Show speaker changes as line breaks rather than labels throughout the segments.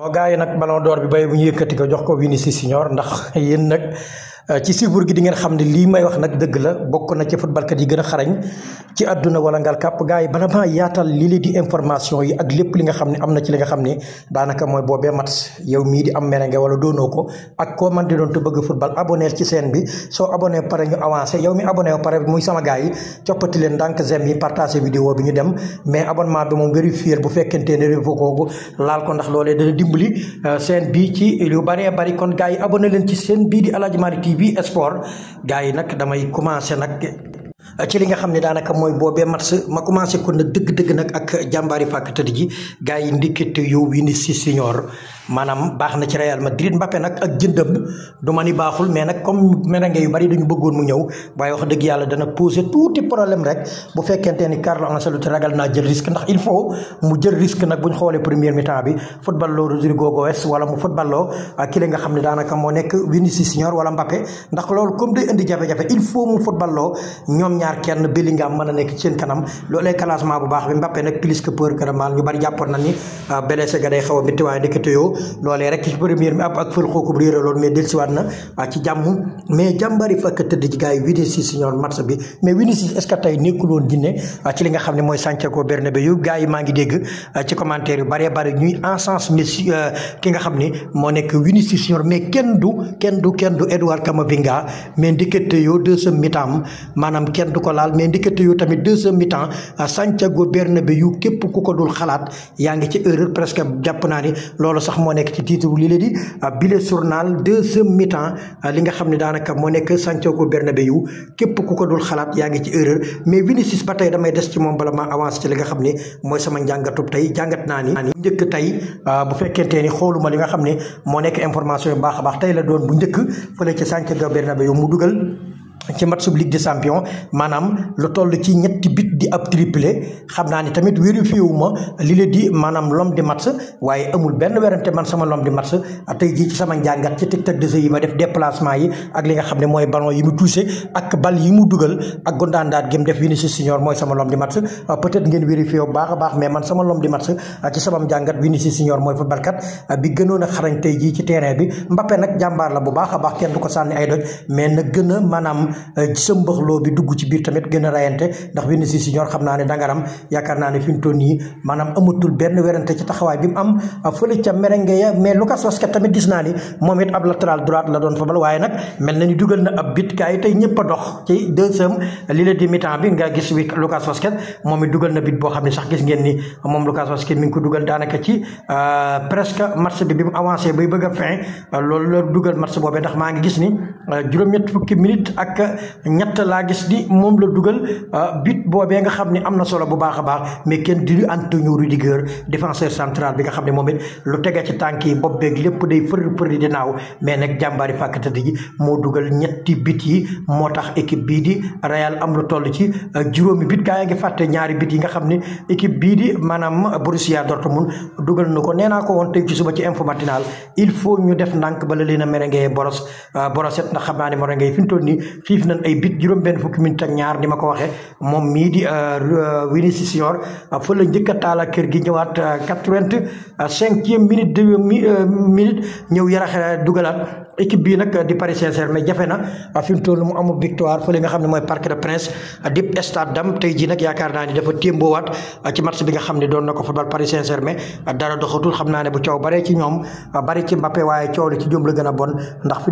non gars yi nag ballon d'or bi bay bu ñu yëkkati ko jox ko Vinicius Junior ndax yéen nag Euh, ci siibur gi di ngeen xam ne lii may wax nag dëgg la bokk na ci footballkat yi gën a xarañ ci àdduna wala ngal kàpp gars yi bala maa yaatal li leen di information yi ak lépp li nga xam ne am na ci li nga xam ne daanaka mooy boobee mat yow mii di am merengue wala doonoo ko ak koo man di doon te bëgg football abonné ci seen bi soo abonné pare ñu avancé yow mi abonné pare muy sama gars yi coppati leen ndànk j'aime yi partagé bi ñu dem mais abonnement bu fekkente ne révo kooku TV sport gars yi nag damay commencer nag ci li nga xam ne daanaka mooy boobee match ma commencé ko na dëgg-dëgg nag ak jàmbaari fàkk tëdd ji gars yi ndikit yow yi ni si siñoor maanaam baax na ci Real Madrid Mbappé nag ak jëndam du ma ni baaxul mais nag comme merengue yu bari dañu bëggoon mu ñëw waaye wax dëgg yàlla dana poser tuuti problème rek bu fekkente ni Carlo Ancelotti ragal naa jël risque ndax il faut mu jël risque nag bu ñu xoolee première mi-temps bi football loo wala mu football nga xam ne daanaka moo nekk Vinicius Junior wala Mbappé ndax lool comme day indi jafe-jafe il faut mu football loo ñoom ñaar kenn Bellingham mën a nekk ci seen kanam loolee classement bu baax bi Mbappé nag plus que peur que de mal ñu ko loolee rek ci première mi ab ak fël xooku bu réeraloon mais dellusiwaat na ci jàmm mais jàmbari fakk tëdd ci gars yi Vinicius ñoon match bi mais Vinicius est-ce que tey nekkul woon li nga xam ne mooy Santiago Bernabéu gars yi maa ngi dégg ci commentaire yu bëree bëri ñuy encens Messi euh, ki nga xam ne moo nekk Vinicius ñoon mais kenn du kenn du kenn du Edouard Camavinga mais ndikate yoo deuxième mi-temps maanaam kenn du ko laal mais ndikate yoo tamit deuxième mi-temps Santiago Bernabéu képp ku ko dul xalaat yaa ngi ci erreur presque jàpp naa ni loolu sax moo nekk ci titre li leen di ah, bile journal deuxième mi-temps ah, li nga xam ne daanaka moo nekk Santiago Bernabéu képp ku ko dul xalaat yaa ngi ci erreur mais Vinicius ba tey damay des ci moom bala ma avance ci li nga xam ne mooy sama njàngatub tey jàngat naa ni bu njëkk tey ah, bu fekkentee ni xooluma li nga xam ne moo nekk information yu baax a baax tey la doon bu njëkk fële ci Santiago Bernabéu mu dugal ci match bu Ligue des Champions maanaam lu toll ci ñetti bit di ab triplé xam naa ni tamit vérifié wu ma li la di maanaam l'homme di match waaye amul benn werante man sama l'homme di match tey jii ci sama njàngat ci tic-tac de jeu yi ma def déplacement yi ak li nga xam ne mooy ballon yi mu touché ak bal yi mu dugal ak gondaandaat gi mu def Vinicius Junior mooy sama l'homme di match peut-être ngeen vérifié bu baax a baax mais man sama l'homme di match ci sama njàngat Vinicius Junior mooy footballkat bi gënoon a xarañ tey jii ci terrain bi Mbappé nag jàmbaar la bu baax a baax kenn du ko sànni ay doj mais na gën a maanaam Eh, sëmbaxloo bi dugg ci biir tamit gën a rayante ndax Vinicius Junior xam naa ne dangaram yaakaar naa ne fi mu toll nii benn werante ci taxawaay bi mu am ah, fële ca merengue ya mais Lucas Vazquez moom it ab na ni dugal na ab bit gaa yi tey ñëpp a dox ci deuxième li la di mi-temps bi nga gis wi Lucas Vazquez moom it dugal na bit boo xam ne sax gis ngeen ni moom Lucas Vazquez mi ngi ko dugal daanaka ci ah, presque match bi bi mu avancé bay bëgg a fin ah, loolu la dugal match boobe ndax maa ngi gis ni juróom-ñett fukki minute ak daanaka ñett laa gis ni moom la dugal euh, but boobee nga xam ne am na solo bu baax a baax mais kenn du Antonio Rudiger défenseur central bi nga xam ne moom it lu tege ci tànk yi bopp beeg lépp day fër fër di naaw mais nag jàmbaari fàkkatati ji moo dugal ñetti but yi moo tax équipe bii di Real am lu toll ci euh, juróomi but gaa yaa ngi fàtte ñaari but yi nga xam ne équipe bii di maanaam Borussia Dortmund dugal na ko nee naa ko woon tey ci suba ci info matinal il faut ñu def ndànk bala leen a merengee boros euh, boroset ndax xam naa ne merengee xiif nañ ay bit juróom-benn fukki minute ak ñaar ni ma ko waxee moom mii di Vinicius euh, euh, Junior euh, fa la njëkk a taal kër gi ñëwaat quatre-vingt-cinquième minute de minute ñëw yarax dugalaat équipe bii nag di Paris Saint-Germain jafe na fi mu toll mu amub victoire fële nga xam ne mooy Parc des Princes dip stade dam tey jii yaakaar naa ni dafa téemboowaat ci match bi nga xam ne doon na ko football Paris Saint-Germain dara doxatul xam naa ne bu coow baree ci ñoom bari ci Mbappé waaye coow li ci jóm la gën a bon ndax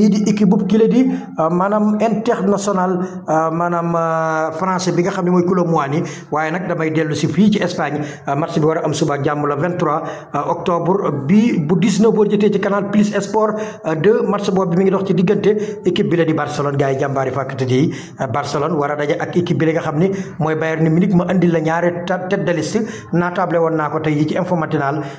mii di équipe bu kile di euh, maanaam euh, euh, bi nga xam ne mooy Colomboani waaye nag damay dellu si fii ci Espagne match bi war a am suba ak jàmm la 23 octobre bi bu 19 ci canal plus sport 2 mi ngi dox ci diggante équipe bi la di Barcelone gars yi jàmbaari fàkkatati a daje ak mooy Bayern Munich ma indi la ñaare tête de liste naatable woon naa ko tey yi ci info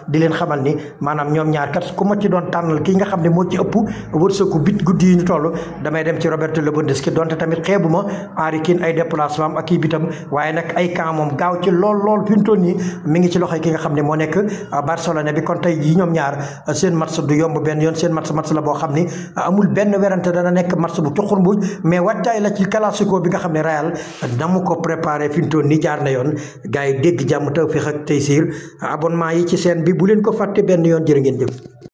di leen xamal ni maanaam ñoom ñaar kat ku ma ci doon tànnal ki nga xam ne moo ci ëpp wërsëgu guddi yi ñu toll damay dem ci Roberto Lewandowski donte tamit xeebu ma Harry Kane ay déplacement am ak kii bitam waaye nag ay camp gaaw ci lool lool fi mu toll nii mi ngi ci loxo ki nga xam ne moo nekk ah, Barcelone bi kon tey jii ñoom ñaar ah, seen match du yomb benn yoon seen match match la boo xam ni ah, amul benn werante dana nekk match bu cuqur mbuuj mais wattaay la ci classico bi nga xam ne reyal na mu ko préparé fi mu toll jaar na yoon gars yi dégg jàmm taw féex ak tey siir abonnement yi ci seen bi bu leen ko fàtte benn yoon jërë ngeen jëf